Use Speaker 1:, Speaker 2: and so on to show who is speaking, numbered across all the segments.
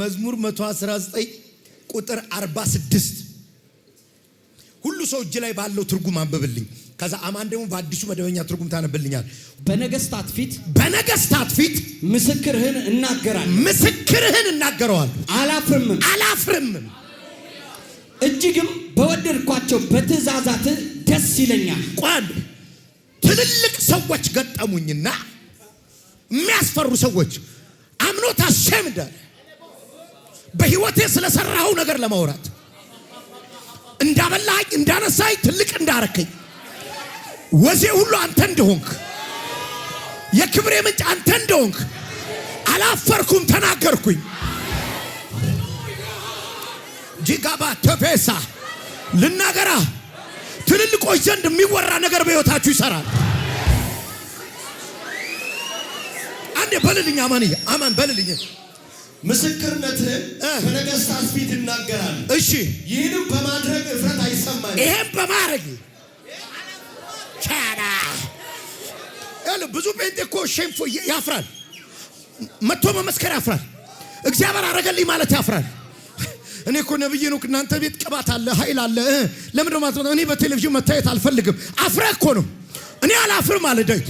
Speaker 1: መዝሙር 119 ቁጥር 46 ሁሉ ሰው እጅ ላይ ባለው ትርጉም አንብብልኝ። ከዛ አማን ደግሞ በአዲሱ መደበኛ ትርጉም ታነብልኛል።
Speaker 2: በነገስታት ፊት
Speaker 1: በነገስታት ፊት
Speaker 2: ምስክርህን እናገራለሁ
Speaker 1: ምስክርህን እናገረዋለሁ
Speaker 2: አላፍርምም
Speaker 1: አላፍርምም
Speaker 2: እጅግም በወደድኳቸው በትእዛዛት ደስ ይለኛል።
Speaker 1: ቋን ትልልቅ ሰዎች ገጠሙኝና የሚያስፈሩ ሰዎች አምኖታ ሸምደ በህይወቴ ስለሰራኸው ነገር ለማውራት እንዳበላኝ እንዳነሳኝ ትልቅ እንዳረከኝ ወዜ ሁሉ አንተ እንደሆንክ የክብሬ ምንጭ አንተ እንደሆንክ አላፈርኩም፣ ተናገርኩኝ። ጂጋባ ተፌሳ ልናገራ ትልልቆች ዘንድ የሚወራ ነገር በሕይወታችሁ ይሰራል። አንዴ በልልኝ፣ አማን አማን በልልኝ።
Speaker 2: ምስክርነትህን በነገሥታት ፊት ይናገራል። እሺ፣ ይህንም በማድረግ እፍረት አይሰማኝ።
Speaker 1: ይህም በማድረግ ቻና ብዙ ጴንጤ እኮ ያፍራል፣ መጥቶ መመስከር ያፍራል፣ እግዚአብሔር አረገልኝ ማለት ያፍራል። እኔ እኮ ነብይ ነው። እናንተ ቤት ቅባት አለ፣ ኃይል አለ። ለምን ነው ማለት? እኔ በቴሌቪዥን መታየት አልፈልግም። አፍረህ እኮ ነው። እኔ አላፍርም አለ ዳዊት።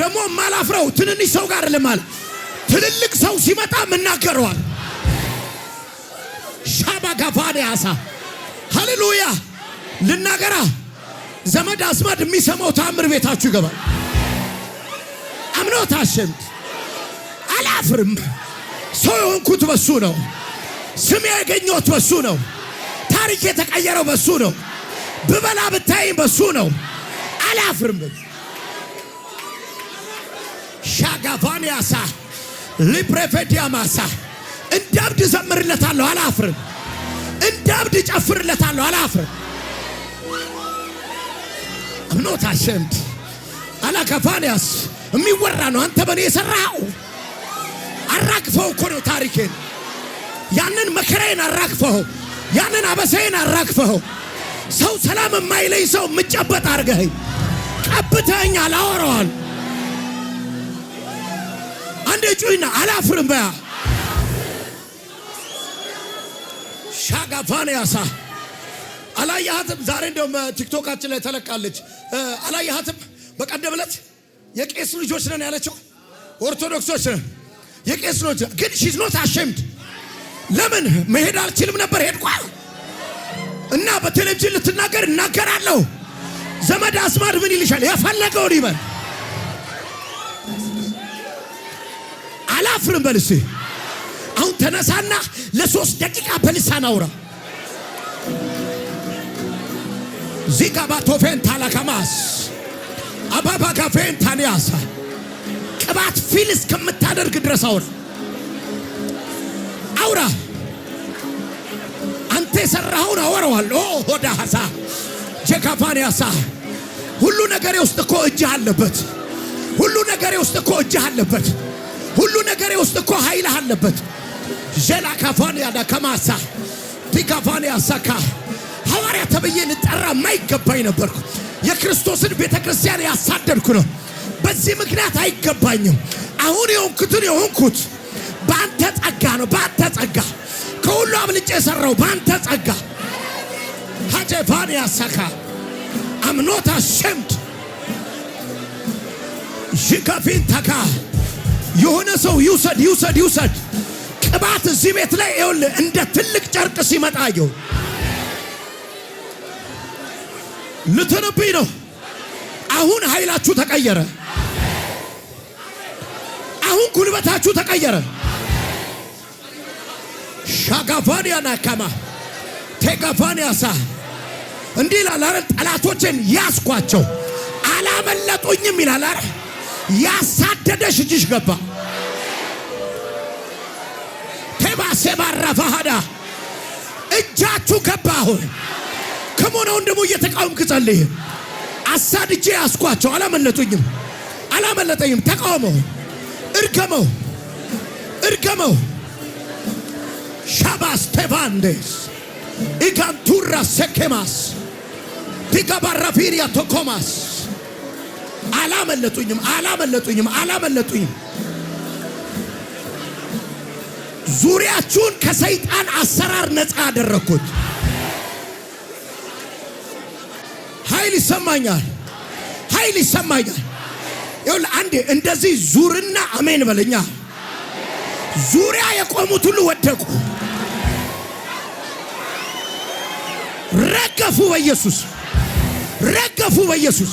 Speaker 1: ደግሞ ማላፍረው ትንንሽ ሰው ጋር ለማለት ትልልቅ ሰው ሲመጣ ምናገረዋል። ሻባ ጋፋን ያሳ ሃሌሉያ ልናገራ ዘመድ አስመድ የሚሰማው ተአምር ቤታችሁ ይገባል። አምኖት አሸምድ አላፍርም። ሰው የሆንኩት በሱ ነው። ስም ያገኘሁት በሱ ነው። ታሪክ የተቀየረው በሱ ነው። ብበላ ብታይም በሱ ነው። አላፍርም ሻጋቫን ያሳ ሊፕሬፌዲያ ማሳ እንደ አብድ ዘምርለታለሁ፣ አላፍርም። እንደ አብድ ጨፍርለታለሁ፣ አላፍርም። አምኖት አሸምድ አላከፋንያስ የሚወራ ነው። አንተ በእኔ የሰራኸው አራግፈው እኮ ነው ታሪኬን። ያንን መከራዬን አራግፈኸው፣ ያንን አበሳዬን አራግፈኸው። ሰው ሰላም የማይለይ ሰው የምጨበጥ አርገኸኝ ቀብተኸኛል፣ አላወረዋል አንዴ ጩይና አላፍርም በያ ሻጋፋን ያሳ አላየሃትም? ዛሬ እንደውም ቲክቶካችን ላይ ተለቃለች። አላየሃትም? በቀደም ዕለት የቄስ ልጆች ነን ያለችው ኦርቶዶክሶች ነን የቄስ ልጆች ግን ሺዝ ኖት አሸምድ ለምን መሄድ አልችልም ነበር ሄድኳል እና በቴሌቪዥን ልትናገር እናገራለሁ። ዘመድ አስማድ ምን ይልሻል? የፈለገውን ይበል። አላፍርም በልሴ። አሁን ተነሳና ለሶስት ደቂቃ በልሳን አውራ። ዚጋ ታላከማስ አባባ ጋፌን ታንያሳ ቅባት ፊል እስከምታደርግ ድረስ አውራ አውራ። አንተ የሰራኸውን አወረዋል። ሆዳሳ ጀካፋንያሳ ሁሉ ነገሬ ውስጥ እኮ እጅህ አለበት። ሁሉ ነገሬ ውስጥ እኮ እጅህ አለበት። ሁሉ ነገር ውስጥ እኮ ኃይል አለበት። ጀላ ካፋን ያዳ ከማሳ ቲካፋን ያሳካ ሐዋርያ ተብዬ ልጠራ የማይገባኝ ነበርኩ። የክርስቶስን ቤተ ክርስቲያን ያሳደድኩ ነው። በዚህ ምክንያት አይገባኝም። አሁን የሆንኩትን የሆንኩት በአንተ ጸጋ ነው። በአንተ ጸጋ ከሁሉ አብልጬ የሰራው በአንተ ጸጋ ሀጀፋን ያሳካ አምኖታ ሸምድ ሽከፊን ተካ የሆነ ሰው ይውሰድ ይውሰድ ይውሰድ። ቅባት እዚህ ቤት ላይ ይኸውልህ እንደ ትልቅ ጨርቅ ሲመጣ ይሁን ልትንብኝ ነው። አሁን ኃይላችሁ ተቀየረ። አሁን ጉልበታችሁ ተቀየረ። ሻጋቫንያ ናካማ ቴጋቫንያሳ እንዲህ ይላል። ጠላቶችን ያስኳቸው አላመለጡኝም ይላል። ያሳ እየቀደደሽ እጅሽ ገባ። ቴባሴ ባራፋሃዳ እጃችሁ ገባ። አሁን ከሞነ ወንድሙ እየተቃወምክ ጸልይ። አሳድጄ ያስኳቸው አላመለጡኝም፣ አላመለጠኝም። ተቃውመው፣ እርገመው፣ እርገመው። ሻባስ ቴቫንዴስ ኢጋንቱራ ሴኬማስ ዲጋባራፊሪያ ቶኮማስ አላመለጡኝም፣ አላመለጡኝም፣ አላመለጡኝም። ዙሪያችሁን ከሰይጣን አሰራር ነፃ አደረግኩት። ኃይል ይሰማኛል፣ ኃይል ይሰማኛል። ይኸውልህ አንዴ እንደዚህ ዙርና አሜን በለኛ። ዙሪያ የቆሙት ሁሉ ወደቁ፣ ረገፉ በኢየሱስ ረገፉ በኢየሱስ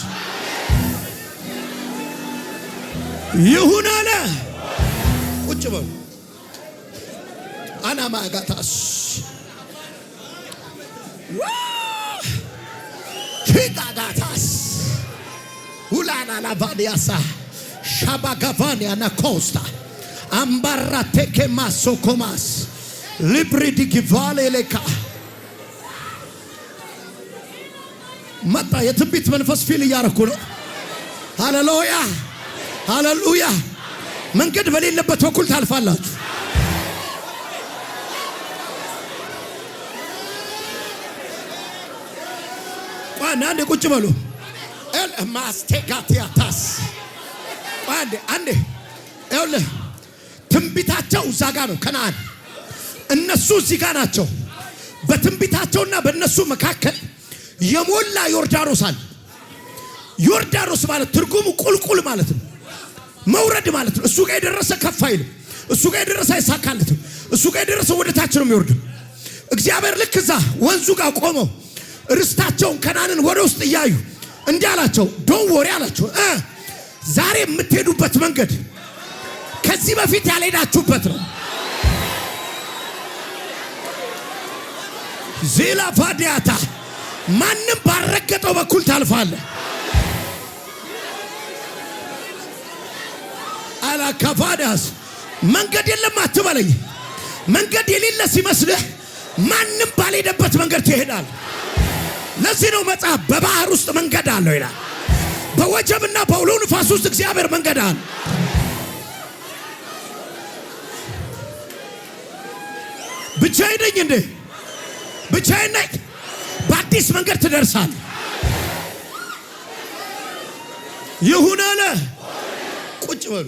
Speaker 1: ይሁን አለ። ቁጭ በሉ አናማጋታስ ፊጣጋታስ ሁላናላባዲያሳ ሻባጋቫንያና ኮስታ አምባራቴኬማስ ሶኮማስ ሊብሪዲጊቫሌሌካ መጣ። የትንቢት መንፈስ ፊል እያረኩ ነው። ሃሌሉያ ሃሌሉያ። መንገድ በሌለበት በኩል ታልፋላችሁ። ቋና አንዴ ቁጭ በሉ። ኤል ማስቴጋቲያታስ ቋንዴ አንዴ ይኸውልህ ትንቢታቸው እዛ ጋ ነው። ከነአን እነሱ እዚህ ጋ ናቸው። በትንቢታቸውና በእነሱ መካከል የሞላ ዮርዳኖስ አለ። ዮርዳኖስ ማለት ትርጉሙ ቁልቁል ማለት ነው። መውረድ ማለት ነው። እሱ ጋር የደረሰ ከፍ አይልም። እሱ ጋር የደረሰ አይሳካለትም። እሱ ጋር የደረሰ ወደ ታች ነው የሚወርድ። እግዚአብሔር ልክ እዛ ወንዙ ጋር ቆመው ርስታቸውን ከናንን ወደ ውስጥ እያዩ እንዲህ አላቸው፣ ዶን ወሬ አላቸው። ዛሬ የምትሄዱበት መንገድ ከዚህ በፊት ያልሄዳችሁበት ነው። ዜላ ፋዲያታ ማንም ባረገጠው በኩል ታልፋለህ። ካላካፋዳስ መንገድ የለም አትበለኝ። መንገድ የሌለ ሲመስልህ ማንም ባልሄደበት መንገድ ትሄዳል። ለዚህ ነው መጽሐፍ በባህር ውስጥ መንገድ አለው ይላል። በወጀብና በአውሎ ንፋስ ውስጥ እግዚአብሔር መንገድ አለ። ብቻዬን ነኝ እንዴ? ብቻዬን ነኝ? በአዲስ መንገድ ትደርሳል። ይሁን አለ። ቁጭ በሉ።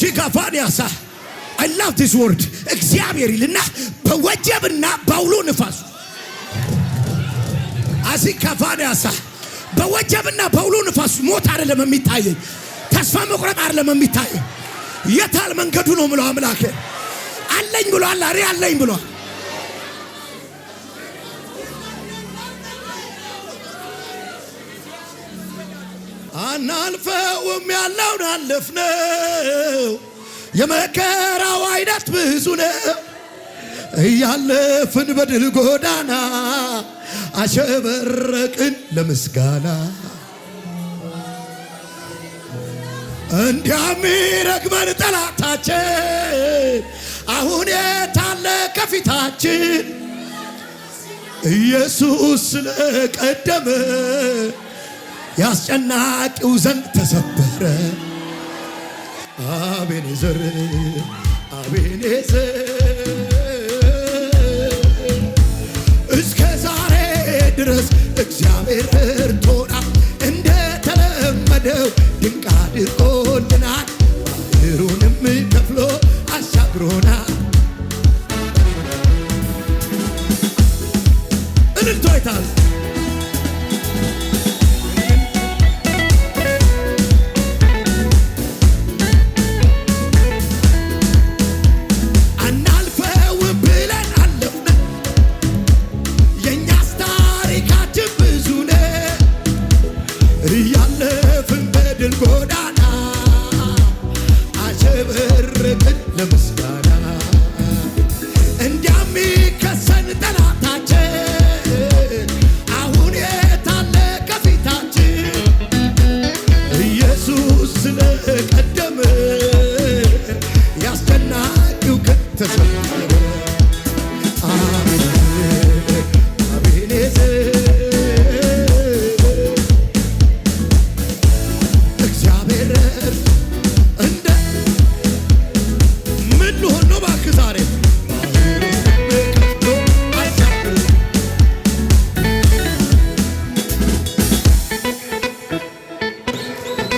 Speaker 1: ጂጋፋንያሳ አይ ላቭ ዲስ ወርድ እግዚአብሔር ይልና በወጀብና በአውሎ ንፋስ አዚካፋንያሳ በወጀብና በአውሎ ንፋስ ሞት አይደለም የሚታየኝ፣ ተስፋ መቁረጥ አይደለም የሚታየኝ። የታል መንገዱ ነው ምለው አምላኬ አለኝ ብሏል። አሬ አለኝ ብሏል። አናልፈውም ያለውን አለፍነው። የመከራው አይነት ብዙ ነው። እያለፍን በድል ጎዳና አሸበረቅን ለምስጋና እንዲያሚረግመን ጠላታችን አሁን የታለ ከፊታችን ኢየሱስ ስለቀደመ ያስጨናቂው ዘንግ ተሰበረ። አቤኔዘር አቤኔዘር እስከ ዛሬ ድረስ እግዚአብሔር እርቶና እንደተለመደው ድንቅ አድርጎልናል። ባህሩንም ከፍሎ